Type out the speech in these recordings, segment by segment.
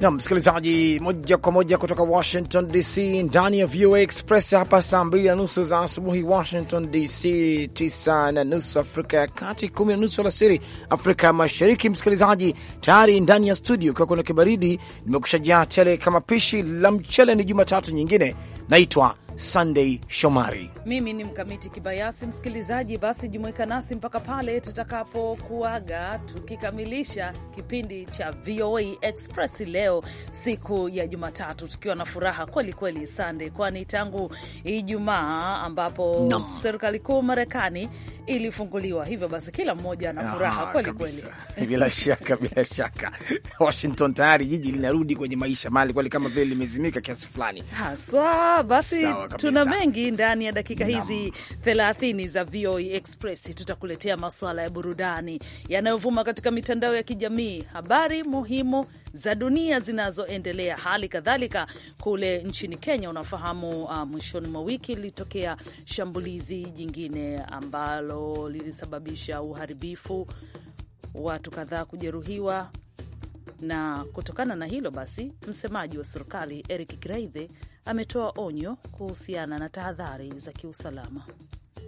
na msikilizaji, moja kwa moja kutoka Washington DC, ndani ya VOA Express hapa saa mbili na nusu za asubuhi Washington DC, tisa na nusu Afrika ya Kati, kumi na nusu alasiri Afrika Mashariki. Msikilizaji, tayari ndani ya studio, ukiwa kuna kibaridi, nimekushajaa tele kama pishi la mchele. Ni Jumatatu nyingine, naitwa Sunday Shomari, mimi ni Mkamiti Kibayasi. Msikilizaji, basi jumuika nasi mpaka pale tutakapokuaga tukikamilisha kipindi cha VOA Express leo siku ya Jumatatu, tukiwa na furaha kweli kweli, Sunday, kwani tangu Ijumaa ambapo no. serikali kuu Marekani ilifunguliwa, hivyo basi kila mmoja ana furaha ah, kweli kweli. Bila shaka, bila shaka, Washington tayari jiji linarudi kwenye maisha mali kweli, kama vile limezimika kiasi fulani haswa. Basi Sawa kabisa. Tuna mengi ndani ya dakika hizi 30 za VOA e Express. Tutakuletea masuala ya burudani yanayovuma katika mitandao ya kijamii, habari muhimu za dunia zinazoendelea, hali kadhalika kule nchini Kenya. Unafahamu uh, mwishoni mwa wiki lilitokea shambulizi jingine ambalo lilisababisha uharibifu, watu kadhaa kujeruhiwa na kutokana na hilo basi, msemaji wa serikali Eric Graithe ametoa onyo kuhusiana na tahadhari za kiusalama.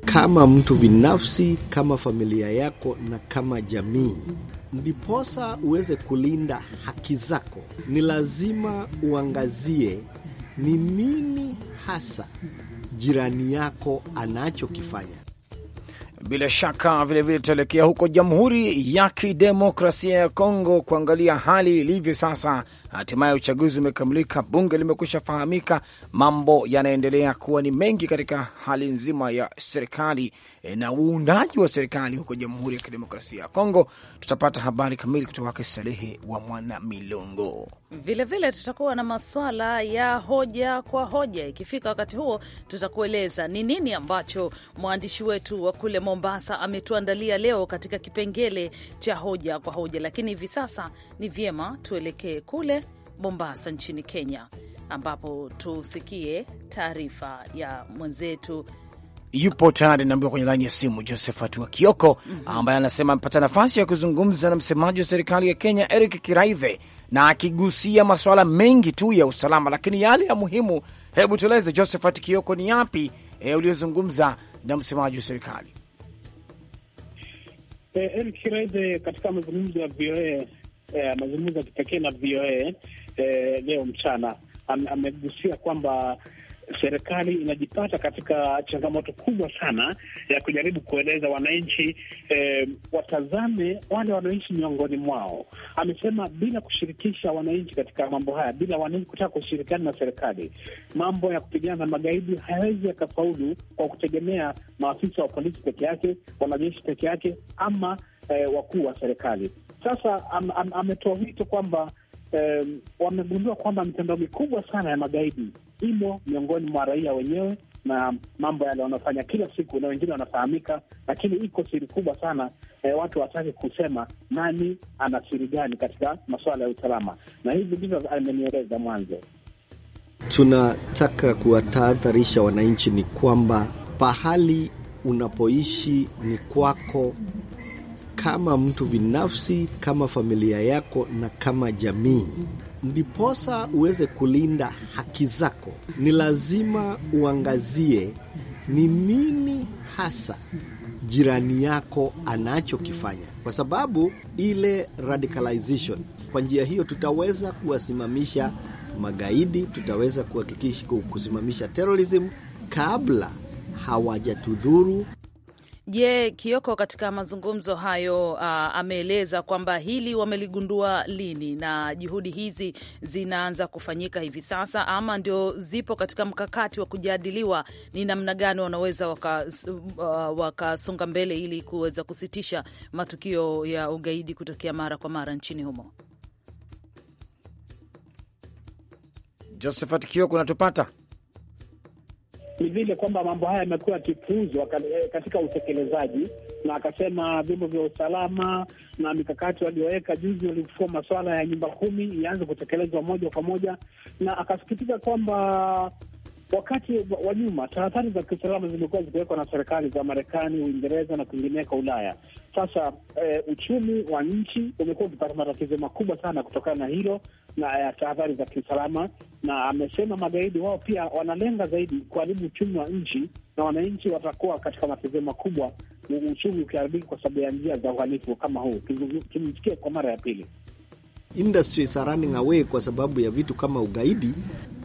Kama mtu binafsi, kama familia yako na kama jamii, ndiposa uweze kulinda haki zako, ni lazima uangazie ni nini hasa jirani yako anachokifanya. Bila shaka vilevile tutaelekea huko Jamhuri ya Kidemokrasia ya Kongo kuangalia hali ilivyo sasa Hatimaye uchaguzi umekamilika, bunge limekwisha fahamika, mambo yanaendelea kuwa ni mengi katika hali nzima ya serikali e, na uundaji wa serikali huko Jamhuri ya Kidemokrasia ya Kongo. Tutapata habari kamili kutoka kwake Salehe wa Mwana Milongo. Vilevile tutakuwa na maswala ya hoja kwa hoja. Ikifika wakati huo, tutakueleza ni nini ambacho mwandishi wetu wa kule Mombasa ametuandalia leo katika kipengele cha hoja kwa hoja, lakini hivi sasa ni vyema tuelekee kule Mombasa nchini Kenya, ambapo tusikie taarifa ya mwenzetu yupo tayari naambiwa kwenye laini ya simu Josephat Wakioko mm -hmm. ambaye anasema amepata nafasi ya kuzungumza na msemaji wa serikali ya Kenya Eric kiraithe na akigusia masuala mengi tu ya usalama, lakini yale ya muhimu, hebu tueleze Josephat Kioko, ni yapi e, uliozungumza na msemaji wa serikali eh, Eric Kiraive katika mazungumzo ya VOA, eh, mazungumzo ya kipekee na VOA eh, leo mchana amegusia kwamba serikali inajipata katika changamoto kubwa sana ya kujaribu kueleza wananchi eh, watazame wale wanaoishi miongoni mwao. Amesema bila kushirikisha wananchi katika mambo haya, bila wananchi kutaka kushirikiana na serikali, mambo ya kupigana na magaidi hayawezi yakafaulu kwa kutegemea maafisa wa polisi peke yake, wanajeshi peke yake, ama eh, wakuu wa serikali. Sasa am, am, ametoa wito kwamba eh, wamegundua kwamba mitandao mikubwa sana ya magaidi imo miongoni mwa raia wenyewe na mambo yale wanaofanya kila siku, na wengine wanafahamika, lakini iko siri kubwa sana eh, watu wataki kusema nani ana siri gani katika masuala ya usalama, na hivi ndivyo amenieleza mwanzo. Tunataka kuwatahadharisha wananchi ni kwamba pahali unapoishi ni kwako kama mtu binafsi, kama familia yako na kama jamii. Ndiposa uweze kulinda haki zako, ni lazima uangazie ni nini hasa jirani yako anachokifanya, kwa sababu ile radicalization. Kwa njia hiyo tutaweza kuwasimamisha magaidi, tutaweza kuhakikisha kusimamisha terrorism kabla hawajatudhuru Je, Kioko katika mazungumzo hayo uh, ameeleza kwamba hili wameligundua lini na juhudi hizi zinaanza kufanyika hivi sasa ama ndio zipo katika mkakati wa kujadiliwa ni namna gani wanaweza uh, wakasonga uh, mbele ili kuweza kusitisha matukio ya ugaidi kutokea mara kwa mara nchini humo? Josephat Kioko, unatupata? ni vile kwamba mambo haya yamekuwa yakipuuzwa eh, katika utekelezaji, na akasema vyombo vya usalama na mikakati walioweka juzi walifua masuala ya nyumba kumi ianze kutekelezwa moja kwa moja, na akasikitika kwamba wakati wa nyuma tahadhari za kiusalama zimekuwa zikiwekwa na serikali za Marekani, Uingereza na kwingineko Ulaya. Sasa e, uchumi wa nchi umekuwa ukipata matatizo makubwa sana kutokana na hilo, na tahadhari za kiusalama, na amesema magaidi wao pia wanalenga zaidi kuharibu uchumi wa nchi na wananchi watakuwa katika matatizo makubwa, uchumi ukiharibika kwa sababu ya njia za uhalifu kama huu. Tumsikie kwa mara ya pili. Industries are running away kwa sababu ya vitu kama ugaidi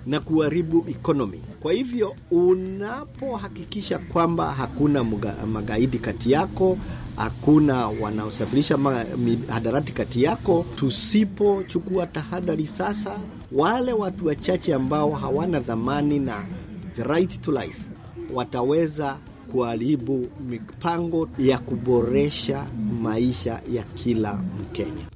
na kuharibu ekonomi. Kwa hivyo unapohakikisha kwamba hakuna mga, magaidi kati yako, hakuna wanaosafirisha mihadarati kati yako, tusipochukua tahadhari sasa, wale watu wachache ambao hawana dhamani na the right to life wataweza kuharibu mipango ya kuboresha maisha ya kila Mkenya.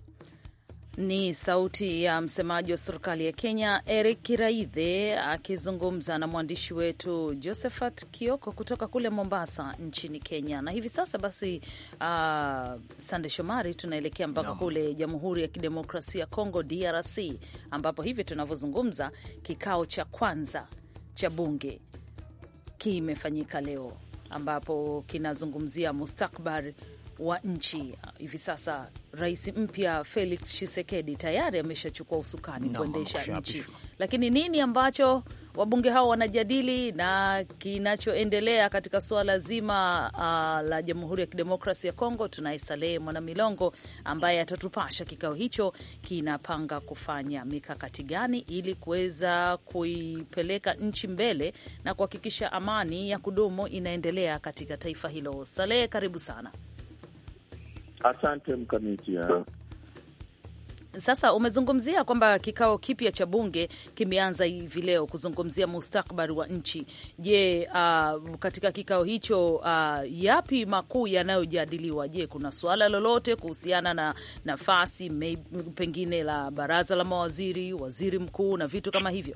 Ni sauti ya msemaji wa serikali ya Kenya Eric Kiraithe akizungumza na mwandishi wetu Josephat Kioko kutoka kule Mombasa nchini Kenya. Na hivi sasa basi, uh, Sande Shomari, tunaelekea mpaka no. kule Jamhuri ya Kidemokrasia ya Kongo DRC, ambapo hivi tunavyozungumza kikao cha kwanza cha bunge kimefanyika leo ambapo kinazungumzia mustakbari wa nchi hivi sasa. Rais mpya Felix Tshisekedi tayari ameshachukua usukani no, kuendesha nchi, lakini nini ambacho wabunge hao wanajadili na kinachoendelea katika suala zima uh, la Jamhuri ya Kidemokrasi ya Kongo? Tunaye Salehe Mwanamilongo ambaye atatupasha kikao hicho kinapanga kufanya mikakati gani ili kuweza kuipeleka nchi mbele na kuhakikisha amani ya kudumu inaendelea katika taifa hilo. Salehe, karibu sana. Asante mkamiti. Sasa umezungumzia kwamba kikao kipya cha bunge kimeanza hivi leo kuzungumzia mustakabali wa nchi. Je, uh, katika kikao hicho uh, yapi makuu yanayojadiliwa? Je, kuna suala lolote kuhusiana na nafasi pengine la baraza la mawaziri, waziri mkuu na vitu kama hivyo?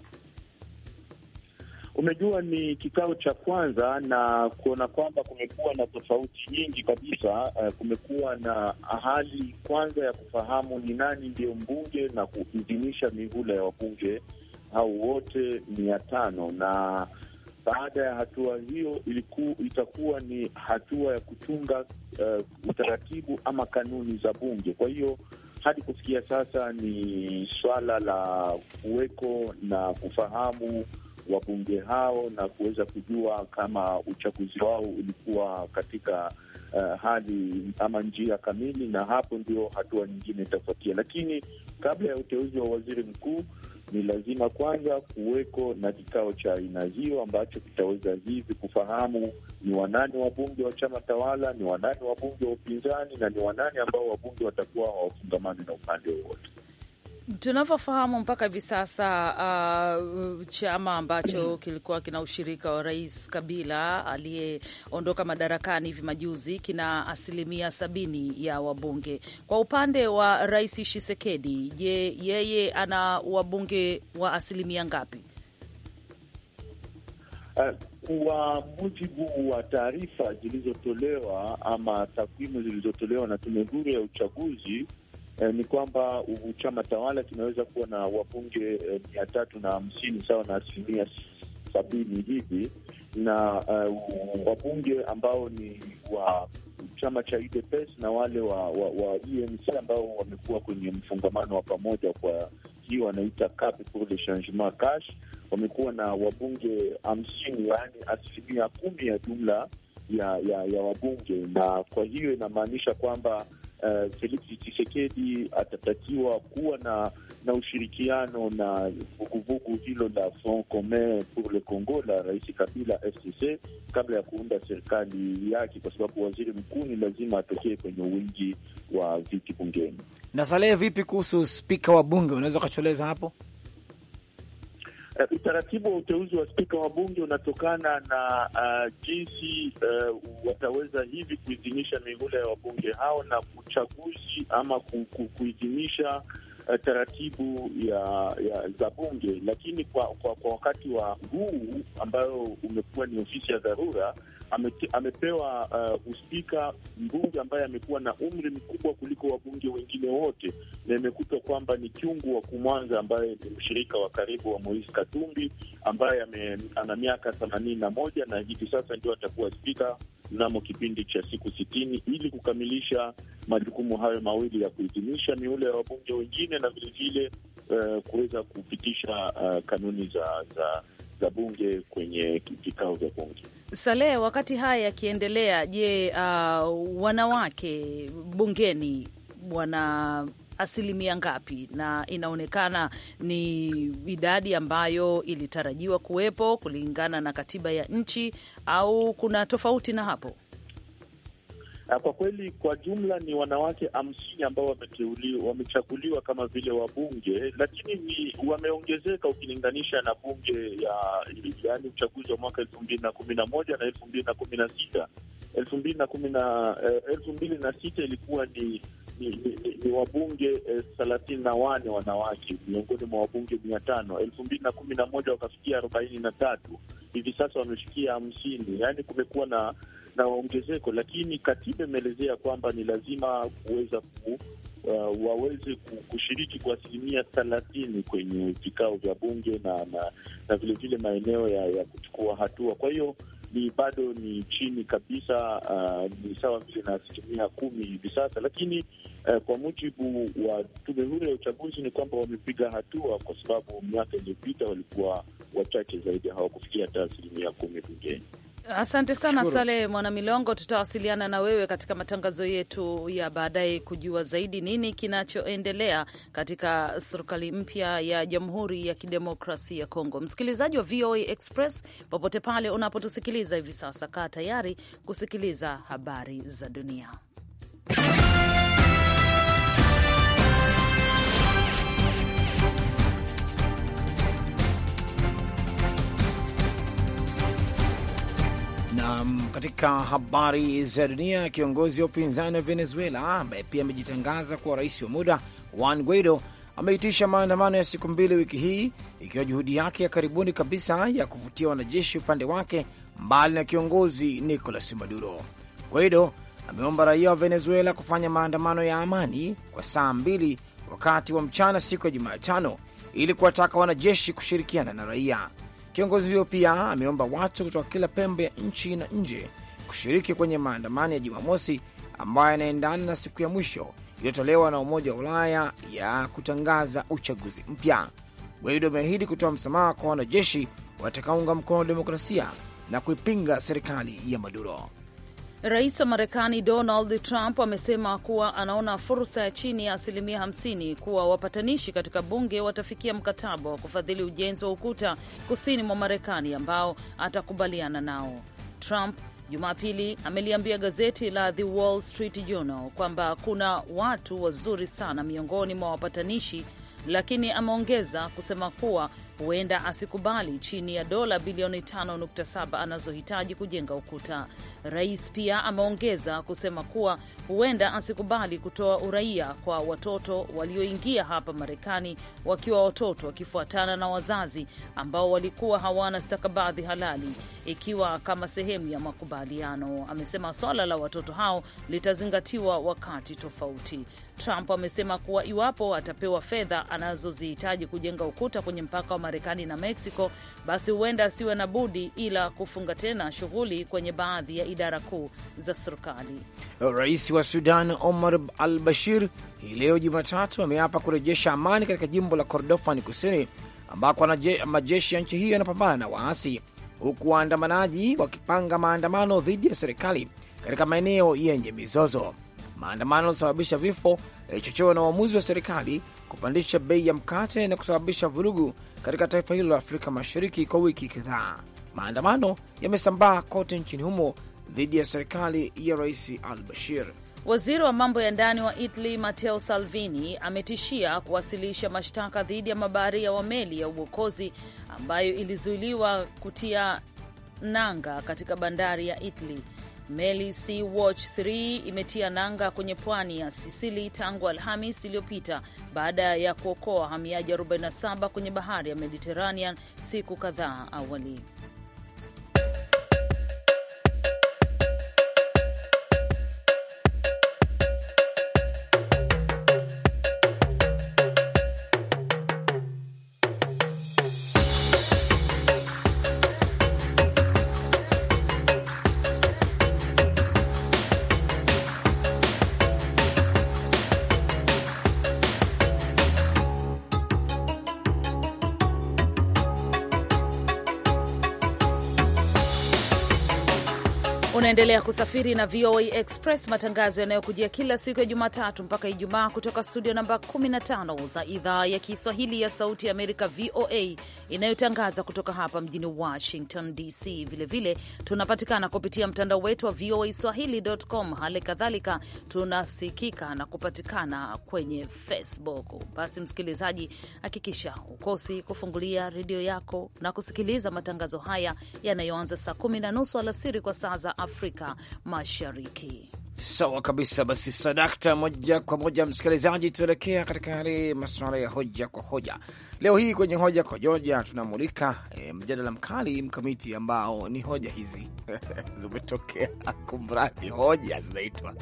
Umejua, ni kikao cha kwanza na kuona kwamba kumekuwa na tofauti nyingi kabisa. Uh, kumekuwa na hali kwanza ya kufahamu ni nani ndiyo mbunge na kuidhinisha mihula ya wabunge hao wote mia tano na baada ya hatua hiyo iliku, itakuwa ni hatua ya kutunga uh, utaratibu ama kanuni za bunge. Kwa hiyo hadi kufikia sasa ni swala la kuweko na kufahamu wabunge hao na kuweza kujua kama uchaguzi wao ulikuwa katika uh, hali ama njia kamili, na hapo ndio hatua nyingine itafuatia. Lakini kabla ya uteuzi wa waziri mkuu ni lazima kwanza kuweko na kikao cha aina hiyo ambacho kitaweza hivi kufahamu ni wanani wabunge wa chama tawala, ni wanani wabunge wa upinzani, na ni wanani ambao wabunge watakuwa hawafungamani na upande wowote tunavyofahamu mpaka hivi sasa uh, chama ambacho kilikuwa kina ushirika wa Rais Kabila aliyeondoka madarakani hivi majuzi kina asilimia sabini ya wabunge. Kwa upande wa Rais Tshisekedi, je, yeye ana wabunge wa asilimia ngapi? Uh, kwa mujibu wa taarifa zilizotolewa ama takwimu zilizotolewa na tume huru ya uchaguzi eh, ni kwamba chama tawala kinaweza kuwa na wabunge eh, mia tatu na hamsini sawa na asilimia sabini hivi na uh, wabunge ambao ni wa chama cha UDPS na wale wa, wa, wa UNC ambao wamekuwa kwenye mfungamano wa pamoja, kwa hiyo wanaita CAP pour le changement cash, wamekuwa na wabunge hamsini, yaani asilimia kumi ya jumla ya, ya, ya wabunge, na kwa hiyo inamaanisha kwamba uh, Felix Tshisekedi atatakiwa kuwa na na ushirikiano na vuguvugu hilo la Front Commun pour le Congo la Rais Kabila FCC kabla ya kuunda serikali yake, kwa sababu waziri mkuu ni lazima atokee kwenye wingi wa viti bungeni. Na Salehe, vipi kuhusu spika wa bunge, unaweza ukatueleza hapo? utaratibu wa uteuzi wa spika wa bunge unatokana na uh, jinsi uh, wataweza hivi kuidhinisha mihula ya wabunge hao na uchaguzi ama kuidhinisha uh, taratibu ya, ya za bunge, lakini kwa, kwa, kwa wakati wa huu ambayo umekuwa ni ofisi ya dharura amepewa uh, uspika mbunge ambaye amekuwa na umri mkubwa kuliko wabunge wengine wote, na imekutwa kwamba ni chungu wa Kumwanza ambaye ni mshirika wa karibu wa Moise Katumbi ambaye ame, ana miaka themanini na moja na hivi sasa ndio atakuwa spika mnamo kipindi cha siku sitini ili kukamilisha majukumu hayo mawili ya kuhitimisha miule ya wabunge wengine na vilevile uh, eh, kuweza kupitisha uh, kanuni za, za za bunge kwenye vikao vya bunge. Salehe, wakati haya yakiendelea, je, uh, wanawake bungeni wana asilimia ngapi, na inaonekana ni idadi ambayo ilitarajiwa kuwepo kulingana na katiba ya nchi, au kuna tofauti na hapo? Kwa kweli kwa jumla ni wanawake hamsini ambao wameteuliwa, wamechaguliwa kama vile wabunge, lakini ni wameongezeka ukilinganisha na bunge ya yaani uchaguzi wa mwaka elfu mbili na kumi na moja na elfu mbili na kumi na sita elfu mbili na kumi na eh, elfu mbili na sita ilikuwa ni ni, ni, ni wabunge eh, thelathini na wane wanawake miongoni mwa wabunge mia tano. Elfu mbili na kumi na moja wakafikia arobaini na tatu, hivi sasa wamefikia hamsini. Yaani kumekuwa na na ongezeko, lakini katiba imeelezea kwamba ni lazima kuweza ku, uh, waweze kushiriki kwa asilimia thelathini kwenye vikao vya bunge na na, na vilevile maeneo ya, ya kuchukua hatua. Kwa hiyo ni bado ni chini kabisa. Uh, ni sawa vile na asilimia kumi hivi sasa, lakini uh, kwa mujibu wa tume huru ya uchaguzi ni kwamba wamepiga hatua, kwa sababu miaka iliyopita walikuwa wachache zaidi, hawakufikia hata asilimia kumi bungeni. Asante sana Sale mwana milongo tutawasiliana na wewe katika matangazo yetu ya baadaye kujua zaidi nini kinachoendelea katika serikali mpya ya Jamhuri ya Kidemokrasia ya Kongo. Msikilizaji wa VOA Express, popote pale unapotusikiliza hivi sasa, kaa tayari kusikiliza habari za dunia. Na katika habari za dunia, kiongozi wa upinzani wa Venezuela ambaye pia amejitangaza kuwa rais wa muda Juan Guaido ameitisha maandamano ya siku mbili wiki hii, ikiwa juhudi yake ya karibuni kabisa ya kuvutia wanajeshi upande wake, mbali na kiongozi Nicolas Maduro. Guaido ameomba raia wa Venezuela kufanya maandamano ya amani kwa saa mbili wakati wa mchana siku ya Jumatano ili kuwataka wanajeshi kushirikiana na raia. Kiongozi huyo pia ameomba watu kutoka kila pembe ya nchi na nje kushiriki kwenye maandamano ya Jumamosi ambayo yanaendana na siku ya mwisho iliyotolewa na Umoja wa Ulaya ya kutangaza uchaguzi mpya. Guaido ameahidi kutoa msamaha kwa wanajeshi watakaunga mkono demokrasia na kuipinga serikali ya Maduro. Rais wa Marekani Donald Trump amesema kuwa anaona fursa ya chini ya asilimia 50 kuwa wapatanishi katika bunge watafikia mkataba wa kufadhili ujenzi wa ukuta kusini mwa Marekani ambao atakubaliana nao. Trump Jumapili ameliambia gazeti la The Wall Street Journal kwamba kuna watu wazuri sana miongoni mwa wapatanishi, lakini ameongeza kusema kuwa huenda asikubali chini ya dola bilioni 5.7 anazohitaji kujenga ukuta. Rais pia ameongeza kusema kuwa huenda asikubali kutoa uraia kwa watoto walioingia hapa Marekani wakiwa watoto wakifuatana na wazazi ambao walikuwa hawana stakabadhi halali, ikiwa kama sehemu ya makubaliano. Amesema swala la watoto hao litazingatiwa wakati tofauti. Trump amesema kuwa iwapo atapewa fedha anazozihitaji kujenga ukuta kwenye mpaka wa Marekani na Mexico, basi huenda asiwe na budi ila kufunga tena shughuli kwenye baadhi ya idara kuu za serikali. Rais wa Sudan Omar al Bashir hii leo Jumatatu ameapa kurejesha amani katika jimbo la Kordofan Kusini, ambako majeshi ya nchi hiyo yanapambana na waasi, huku waandamanaji wakipanga maandamano dhidi ya serikali katika maeneo yenye mizozo. Maandamano yalisababisha vifo yalichochewa eh, na uamuzi wa serikali kupandisha bei ya mkate na kusababisha vurugu katika taifa hilo la Afrika Mashariki kwa wiki kadhaa. Maandamano yamesambaa kote nchini humo dhidi ya serikali ya Rais al-Bashir. Waziri wa mambo ya ndani wa Italy Matteo Salvini ametishia kuwasilisha mashtaka dhidi ya mabaharia wa meli ya uokozi ambayo ilizuiliwa kutia nanga katika bandari ya Italy Meli Sea Watch 3 imetia nanga kwenye pwani ya Sisili tangu Alhamis iliyopita baada ya kuokoa wahamiaji 47 kwenye bahari ya Mediterranean siku kadhaa awali. Unaendelea kusafiri na VOA Express, matangazo yanayokujia kila siku ya Jumatatu mpaka Ijumaa kutoka studio namba 15 za idhaa ya Kiswahili ya Sauti ya Amerika, VOA, inayotangaza kutoka hapa mjini Washington DC. Vilevile tunapatikana kupitia mtandao wetu wa VOA Swahili.com. Hali kadhalika tunasikika na kupatikana kwenye Facebook. Basi msikilizaji, hakikisha ukosi kufungulia redio yako na kusikiliza matangazo haya yanayoanza saa kumi na nusu alasiri kwa saa za Afrika Afrika Mashariki. Sawa kabisa. Basi sadakta, moja kwa moja msikilizaji, tuelekea katika yale masuala ya hoja kwa hoja. Leo hii kwenye hoja kwa hoja tunamulika e, mjadala mkali mkamiti, ambao ni hoja hizi zimetokea, kumradi hoja zinaitwa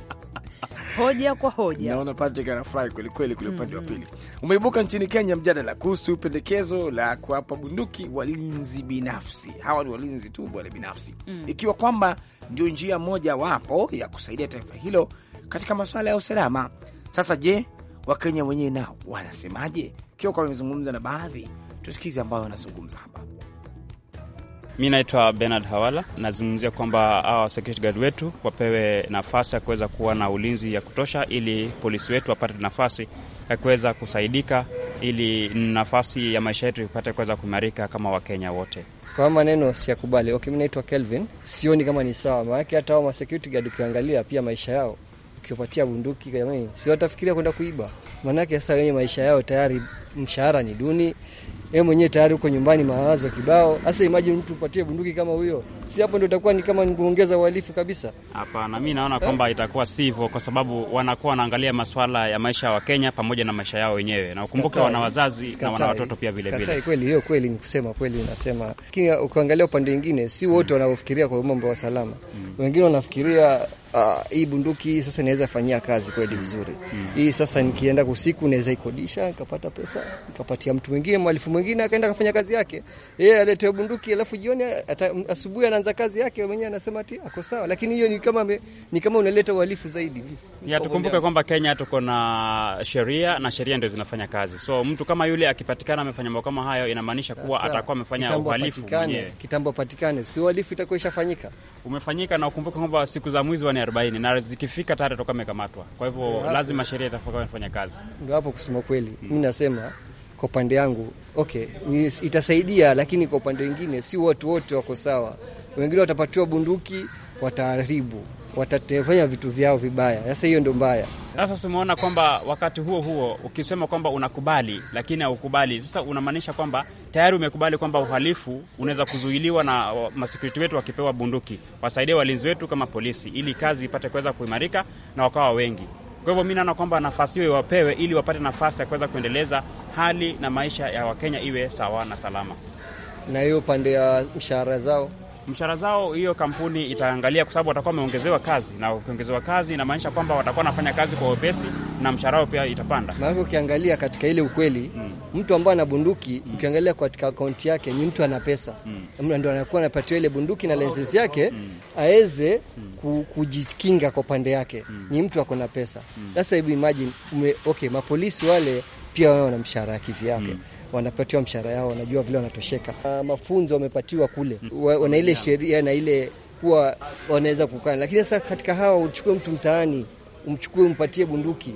hoja kwa hoja. Naona Patrick anafurahi kwelikweli kule upande mm -hmm. wa mm-hmm. pili. Umeibuka nchini Kenya mjadala kuhusu pendekezo la kuwapa bunduki walinzi binafsi. Hawa ni walinzi tu wale binafsi mm. ikiwa kwamba ndio njia moja wapo ya kusaidia taifa hilo katika masuala ya usalama. Sasa je, Wakenya wenyewe nao wanasemaje? Kioko amezungumza na baadhi, tusikize ambayo wanazungumza hapa. Mi naitwa Bernard Hawala, nazungumzia kwamba hawa security guard wetu wapewe nafasi ya kuweza kuwa na ulinzi ya kutosha, ili polisi wetu wapate nafasi ya kuweza kusaidika, ili nafasi ya maisha yetu ipate kuweza kuimarika kama Wakenya wote. Kwa maneno siyakubali. Okay, mimi naitwa Kelvin, sioni kama ni sawa, maana hata hao ma security guard ukiangalia pia maisha yao ukiwapatia bunduki, si watafikiria kwenda kuiba? Maanake sasa wenye maisha yao tayari, mshahara ni duni, wewe mwenyewe tayari huko nyumbani, mawazo kibao. Sasa imagine mtu upatie bunduki kama huyo, si hapo ndio itakuwa ni kama nikuongeza uhalifu kabisa? Hapana, mi naona eh? kwamba itakuwa si hivyo, kwa sababu wanakuwa wanaangalia maswala ya maisha ya Wakenya pamoja na maisha yao wenyewe, na ukumbuke wana wazazi na wana watoto pia vilevile. Kweli hiyo, kweli ni kusema kweli, unasema lakini ukiangalia upande wengine, si wote wanaofikiria kwa mambo ya usalama. Mm. Wengine wanafikiria Uh, hii bunduki sasa inaweza fanyia kazi kweli vizuri mm. Hii sasa nikienda kusiku naweza ikodisha nikapata pesa nikapatia mtu mwingine mwalifu mwingine akaenda kafanya kazi yake, yeye yeah, aletewe bunduki, alafu jioni asubuhi anaanza kazi yake mwenyewe, anasema ati ako sawa. Lakini hiyo ni kama ni kama unaleta uhalifu zaidi. Ya tukumbuke kwamba Kenya tuko na sheria na sheria ndio zinafanya kazi, so mtu kama yule akipatikana amefanya mambo kama hayo inamaanisha kuwa atakuwa amefanya uhalifu mwenyewe. Kitambo patikane, si uhalifu itakuwa ishafanyika, umefanyika. Na ukumbuke kwamba siku za mwizi arobaini arobaini na zikifika tayari toka amekamatwa. Kwa hivyo lazima sheria itafanya kazi. Ndio hapo kusema kweli, mm. mi hmm, nasema kwa upande yangu okay, itasaidia, lakini kwa upande wengine si watu wote wako sawa. Wengine watapatiwa bunduki wataharibu watatefanya vitu vyao vibaya. Sasa hiyo ndio mbaya. Sasa tumeona kwamba wakati huo huo ukisema kwamba unakubali lakini haukubali, sasa unamaanisha kwamba tayari umekubali kwamba uhalifu unaweza kuzuiliwa na masekuriti wetu wakipewa bunduki, wasaidia walinzi wetu kama polisi, ili kazi ipate kuweza kuimarika na wakawa wengi. Kwa hivyo mi naona kwamba nafasi hiyo iwapewe, ili wapate nafasi ya kuweza kuendeleza hali na maisha ya Wakenya iwe sawa na salama, na hiyo upande ya mshahara zao mshahara zao, hiyo kampuni itaangalia, kwa sababu watakuwa wameongezewa kazi, na ukiongezewa kazi inamaanisha kwamba watakuwa wanafanya kazi kwa wepesi na mshahara wao pia itapanda. Maana ukiangalia katika ile ukweli mm. mtu ambaye ana bunduki mm. ukiangalia katika akaunti yake ni mtu ana pesa mm. ndio anakuwa anapatiwa ile bunduki na lesesi yake mm. aweze mm. kujikinga kwa pande yake mm. ni mtu ako na pesa hmm. sasa mm. hebu imagine ume, okay mapolisi wale pia wao wana mshahara kivyake mm wanapatiwa mshahara yao, wanajua vile wanatosheka. Uh, mafunzo wamepatiwa kule, wana ile sheria na ile kuwa wanaweza kukana, lakini sasa katika hawa uchukue mtu mtaani, umchukue umpatie bunduki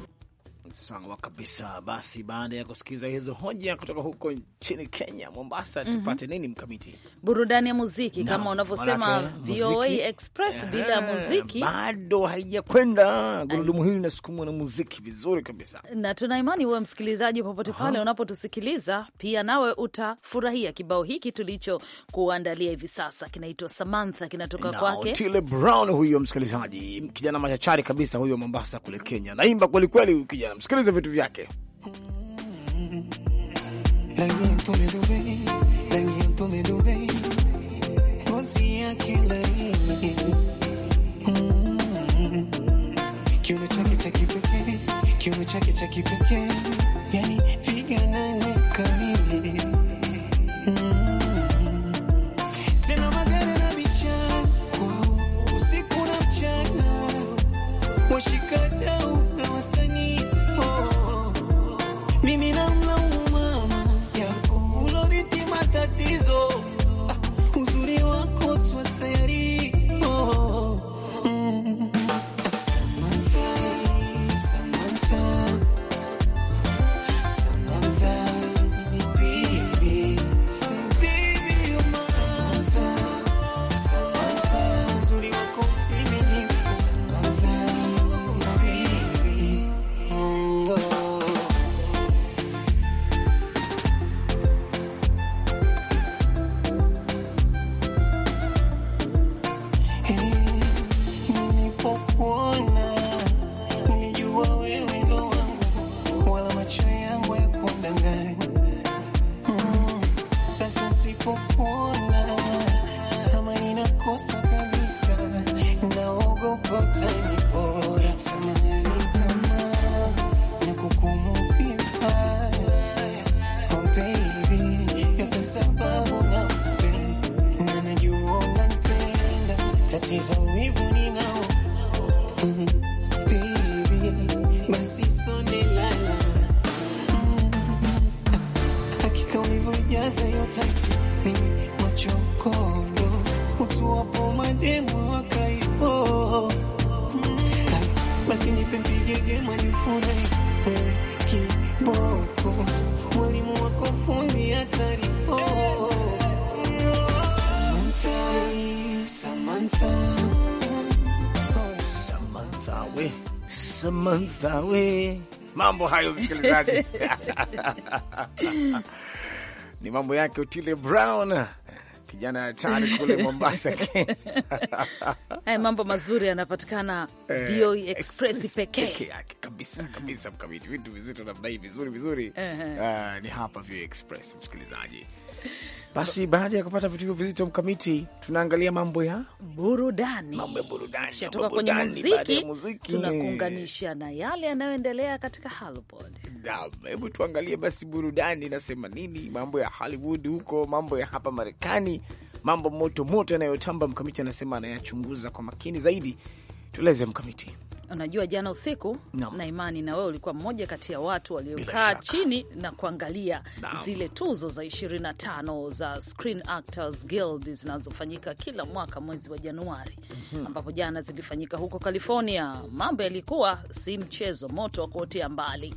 Sawa kabisa. Basi baada ya kusikiza hizo hoja kutoka huko nchini Kenya, Mombasa, mm -hmm. tupate nini mkamiti, burudani ya muziki no, kama unavyosema VOA Express yeah. Bila muziki bado haijakwenda, gurudumu hili linasukumwa na muziki vizuri kabisa, na tunaimani imani wewe msikilizaji, popote pale unapotusikiliza, pia nawe utafurahia kibao hiki tulicho kuandalia hivi sasa. Kinaitwa Samantha, kinatoka no, kwake Otile Brown. Huyo msikilizaji, kijana machachari kabisa huyo, Mombasa kule Kenya, naimba kwelikweli kijana Sikiliza vitu vyake kiuno chake cha kipekee, kiuno chake cha kipekee, yani figa nane Samantha we mambo hayo msikilizaji ni mambo yake Otile Brown kijana hatari kule Mombasa Kenya. Haya mambo mazuri yanapatikana eh, VOA Express pekee yake kabisa kabisa, mkamiti vitu vizito namna hii, vizuri vizuri. Uh, ni hapa VOA Express msikilizaji basi baada ya kupata vitu hivyo vizito, mkamiti, tunaangalia mambo ya burudani, mambo ya burudani, shatoka kwenye muziki, muziki. Tunakuunganisha na yale yanayoendelea katika Hollywood. Hebu tuangalie basi burudani inasema nini, mambo ya Hollywood huko, mambo ya hapa Marekani, mambo moto moto yanayotamba. Mkamiti anasema anayachunguza kwa makini zaidi Tueleze mkamiti. Unajua, jana usiku no. na imani na wewe ulikuwa mmoja kati ya watu waliokaa chini na kuangalia no. zile tuzo za 25 za Screen Actors Guild zinazofanyika kila mwaka mwezi wa Januari mm -hmm. ambapo jana zilifanyika huko California. Mambo yalikuwa si mchezo, moto wa kuotea mbali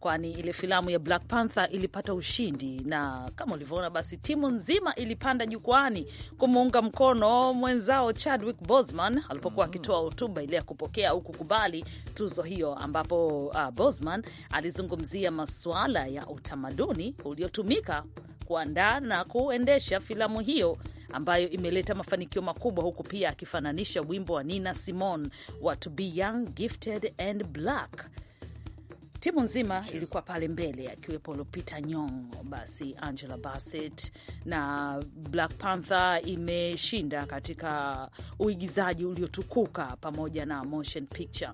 kwani ile filamu ya Black Panther ilipata ushindi, na kama ulivyoona, basi timu nzima ilipanda jukwani kumuunga mkono mwenzao Chadwick Boseman alipokuwa mhm. akitoa hotuba ile ya kupokea au kukubali tuzo hiyo, ambapo uh, Boseman alizungumzia masuala ya utamaduni uliotumika kuandaa na kuendesha filamu hiyo ambayo imeleta mafanikio makubwa, huku pia akifananisha wimbo wa Nina Simone wa To Be Young, Gifted and Black timu nzima ilikuwa pale mbele, akiwepo Lupita Nyong'o, basi Angela Bassett na Black Panther imeshinda katika uigizaji uliotukuka pamoja na motion picture.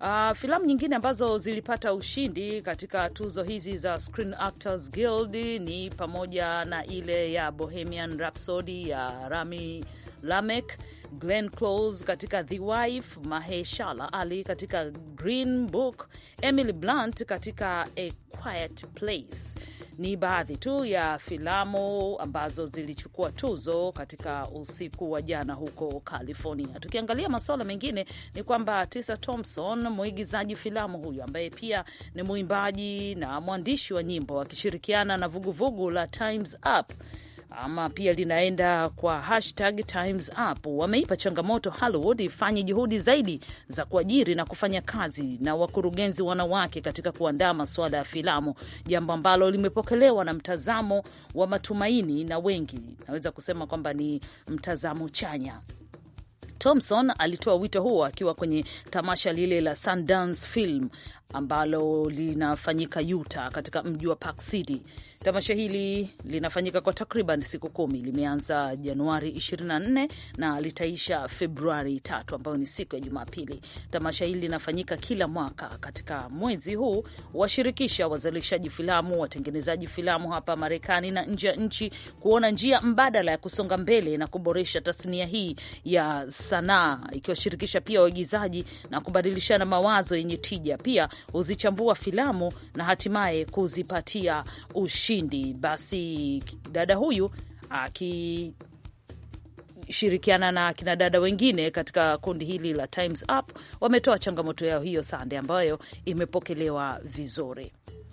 Uh, filamu nyingine ambazo zilipata ushindi katika tuzo hizi za Screen Actors Guild ni pamoja na ile ya Bohemian Rhapsody ya Rami Lamek Glenn Close katika The Wife, Maheshala Ali katika Green Book, Emily Blunt katika A Quiet Place ni baadhi tu ya filamu ambazo zilichukua tuzo katika usiku wa jana huko California. Tukiangalia masuala mengine, ni kwamba tisa Thompson, mwigizaji filamu huyu ambaye pia ni mwimbaji na mwandishi wa nyimbo akishirikiana na vuguvugu vugu la Times Up ama pia linaenda kwa hashtag Times Up. Wameipa changamoto Hollywood ifanye juhudi zaidi za kuajiri na kufanya kazi na wakurugenzi wanawake katika kuandaa masuala ya filamu, jambo ambalo limepokelewa na mtazamo wa matumaini na wengi, naweza kusema kwamba ni mtazamo chanya. Thompson alitoa wito huo akiwa kwenye tamasha lile la Sundance Film ambalo linafanyika Utah katika mji wa Park City. Tamasha hili linafanyika kwa takriban siku kumi. Limeanza Januari 24 na litaisha Februari tatu, ambayo ni siku ya Jumapili. Tamasha hili linafanyika kila mwaka katika mwezi huu, washirikisha wazalishaji filamu, watengenezaji filamu hapa Marekani na nje ya nchi kuona njia mbadala ya kusonga mbele na kuboresha tasnia hii ya sanaa, ikiwashirikisha pia waigizaji na kubadilishana mawazo yenye tija. Pia huzichambua filamu na hatimaye kuzipatia ushi ushindi. Basi dada huyu aki shirikiana na kina dada wengine katika kundi hili la Times Up wametoa changamoto yao hiyo Sande, ambayo imepokelewa vizuri.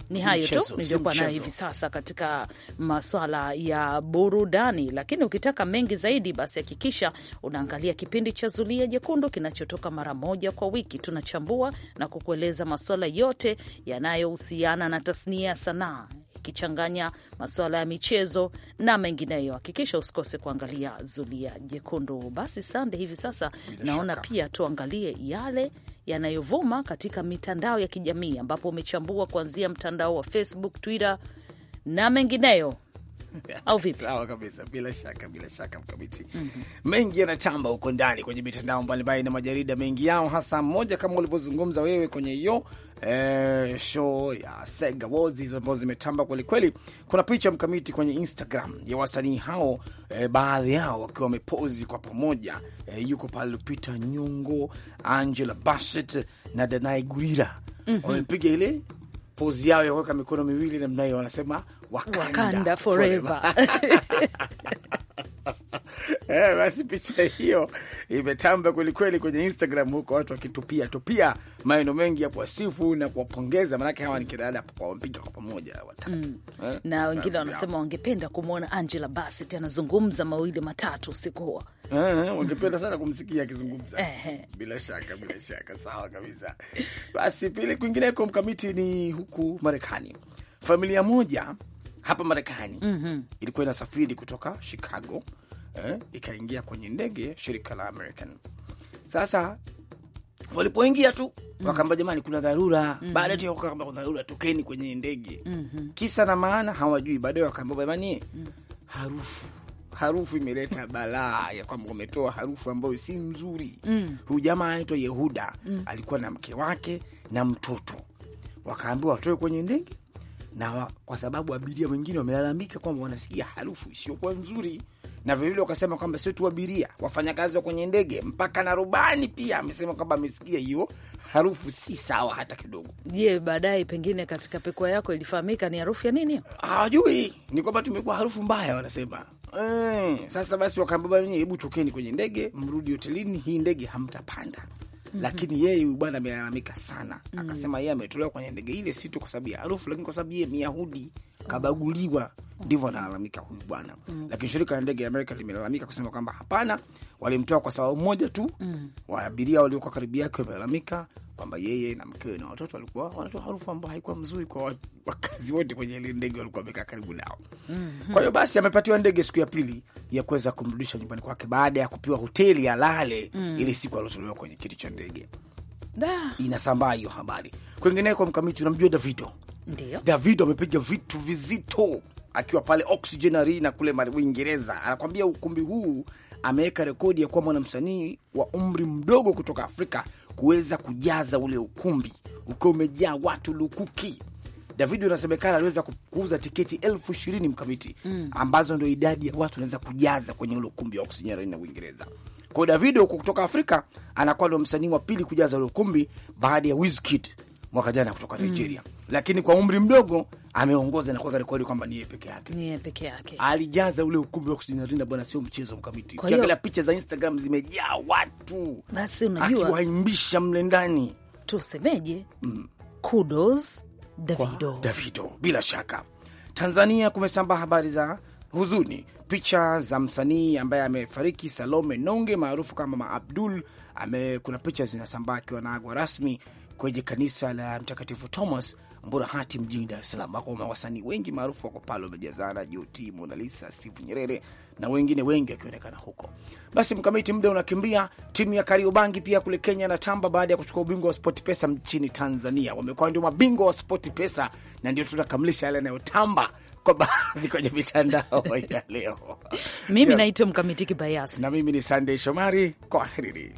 Ni hayo tu niliyokuwa nayo hivi sasa katika maswala ya burudani, lakini ukitaka mengi zaidi, basi hakikisha unaangalia kipindi cha Zulia Jekundu kinachotoka mara moja kwa wiki. Tunachambua na kukueleza maswala yote yanayohusiana na tasnia ya sanaa kikichanganya masuala ya michezo na mengineyo. Hakikisha usikose kuangalia Zulia Jekundu. Basi Sande, hivi sasa Bila naona shaka. Pia tuangalie yale yanayovuma katika mitandao ya kijamii ambapo umechambua kuanzia mtandao wa Facebook, Twitter na mengineyo au vipi? Sawa kabisa, bila shaka, bila shaka mkabiti. mm -hmm. Mengi yanatamba huko ndani kwenye mitandao mbalimbali na majarida mengi yao, hasa mmoja kama ulivyozungumza wewe kwenye hiyo eh, show ya Sega Awards hizo ambazo zimetamba kwelikweli. Kuna picha mkamiti kwenye Instagram ya wasanii hao eh, baadhi yao wakiwa wamepozi kwa pamoja eh, yuko pale Lupita Nyong'o, Angela Bassett na Danai Gurira mhm. wamepiga mm -hmm. ile pozi yao ya kuweka mikono miwili namna hiyo, wanasema Wakanda, Wakanda forever Eh, basi picha hiyo imetamba kwelikweli kwenye Instagram huko, watu wakitupia tupia maneno mengi ya kuwasifu na kuwapongeza, maanake hawa ni kidada wampiga kwa pamoja watatu mm. eh? na wengine wanasema wangependa kumwona Angela Bassett anazungumza mawili matatu usiku huo eh, wangependa sana kumsikia akizungumza bila shaka, bila shaka, sawa kabisa. Basi pili, kwingineko mkamiti ni huku Marekani, familia moja hapa Marekani mm -hmm. ilikuwa inasafiri kutoka Chicago eh, ikaingia kwenye ndege shirika la American. Sasa walipoingia tu mm. wakaamba jamani, kuna dharura mm -hmm. baada tu wakaamba kuna dharura, tokeni kwenye ndege mm -hmm. kisa na maana hawajui. Baadaye wakaamba jamani, mm. harufu harufu imeleta balaa ya kwamba wametoa harufu ambayo si nzuri mm. Huyu jamaa anaitwa Yehuda mm. alikuwa na mke wake na mtoto, wakaambiwa watoe kwenye ndege na wa, kwa sababu abiria wengine wamelalamika kwamba wanasikia harufu isiyokuwa nzuri na vilevile wakasema kwamba sio tu abiria, wafanyakazi wa kwenye ndege, mpaka na rubani pia amesema kwamba amesikia hiyo harufu si sawa hata kidogo. Je, baadaye pengine katika pekua yako ilifahamika ni harufu ya nini? Hawajui, ni kwamba tumekuwa harufu mbaya wanasema. Mm, sasa basi wakaambia, hebu tokeni kwenye ndege, mrudi hotelini, hii ndege hamtapanda. Mm-hmm. Lakini yeye huyu bwana amelalamika sana mm Akasema yeye ametolewa kwenye ndege ile, si tu kwa sababu ya harufu, lakini kwa sababu yeye Myahudi kabaguliwa, ndivyo analalamika huyu bwana mm Lakini shirika la ndege ya Amerika limelalamika kusema kwamba hapana, walimtoa kwa sababu moja tu mm. Waabiria waliokuwa karibu yake wamelalamika kwamba yeye na mkewe na watoto walikuwa wanatoa harufu ambayo haikuwa mzuri kwa wakazi wote kwenye ile ndege walikuwa wamekaa karibu nao mm -hmm. Kwa hiyo basi amepatiwa ndege siku ya pili ya kuweza kumrudisha nyumbani kwake baada ya kupiwa hoteli ya lale mm. ili siku aliotolewa kwenye kiti cha ndege. Inasambaa hiyo habari kwingineko. Mkamiti, unamjua Davido? Ndiyo. Davido amepiga vitu vizito akiwa pale Oxygen Arena kule Uingereza, anakwambia ukumbi huu ameweka rekodi ya kuwa mwanamsanii wa umri mdogo kutoka Afrika kuweza kujaza ule ukumbi ukiwa umejaa watu lukuki. David unasemekana aliweza kuuza tiketi elfu ishirini mkamiti mm, ambazo ndio idadi ya watu anaweza kujaza kwenye ule ukumbi wa Oxygen na Uingereza. Kwa hiyo Davido kutoka Afrika anakuwa ndio msanii wa pili kujaza ule ukumbi baada ya Wizkid mwaka jana kutoka mm. Nigeria mm. Lakini kwa umri mdogo ameongoza na kuweka rekodi kwamba ni yeye peke yake, ni yeye peke yake alijaza ule ukumbi wa kusujudia. Bwana sio mchezo mkamiti, ukiangalia picha za Instagram zimejaa watu, basi unajua akiwaimbisha mle ndani, tusemeje? mm. Kudos Davido. Davido bila shaka. Tanzania kumesambaa habari za huzuni, picha za msanii ambaye amefariki Salome Nonge maarufu kama Maabdul ame, kuna picha zinasambaa akiwa agwa rasmi kwenye kanisa la Mtakatifu Thomas Mburahati mjini Dar es Salaam, wasanii wengi maarufu wako pale wamejazana, Joti, Mona Lisa, Steve Nyerere na wengine wengi wakionekana huko. Basi mkamiti, muda unakimbia. Timu ya Kariobangi pia kule Kenya na tamba baada ya kuchukua ubingwa wa Pesa nchini Tanzania, wamekuwa ndio mabingwa wa pesa na ndio tunakamilisha yale yanayotamba kwa baadhi kwenye mitandao ya leo. Mimi naitwa Mkamiti Kibayasi na mimi ni Sandey Shomari. Kwaherini.